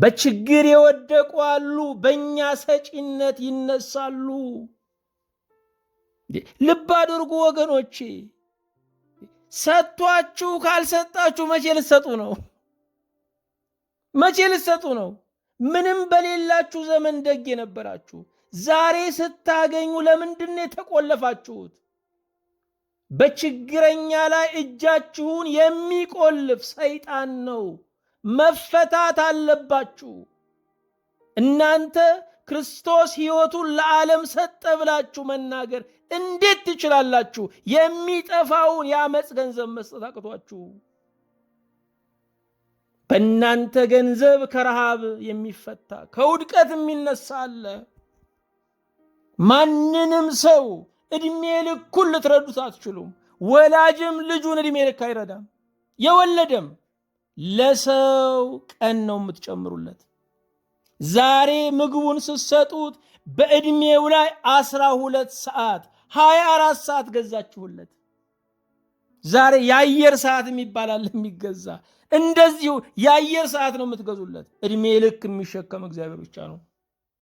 በችግር የወደቁ አሉ፣ በእኛ ሰጪነት ይነሳሉ። ልብ አድርጉ ወገኖቼ፣ ሰጥቷችሁ ካልሰጣችሁ መቼ ልትሰጡ ነው? መቼ ልትሰጡ ነው? ምንም በሌላችሁ ዘመን ደግ የነበራችሁ ዛሬ ስታገኙ ለምንድነው የተቆለፋችሁት? በችግረኛ ላይ እጃችሁን የሚቆልፍ ሰይጣን ነው። መፈታት አለባችሁ። እናንተ ክርስቶስ ሕይወቱን ለዓለም ሰጠ ብላችሁ መናገር እንዴት ትችላላችሁ? የሚጠፋውን የአመፅ ገንዘብ መስጠት አቅቷችሁ በእናንተ ገንዘብ ከረሃብ የሚፈታ ከውድቀት የሚነሳ አለ። ማንንም ሰው ዕድሜ ልኩን ልትረዱት አትችሉም። ወላጅም ልጁን ዕድሜ ልክ አይረዳም። የወለደም ለሰው ቀን ነው የምትጨምሩለት። ዛሬ ምግቡን ስትሰጡት በዕድሜው ላይ አስራ ሁለት ሰዓት ሀያ አራት ሰዓት ገዛችሁለት። ዛሬ የአየር ሰዓት የሚባላል የሚገዛ እንደዚሁ የአየር ሰዓት ነው የምትገዙለት። ዕድሜ ልክ የሚሸከም እግዚአብሔር ብቻ ነው።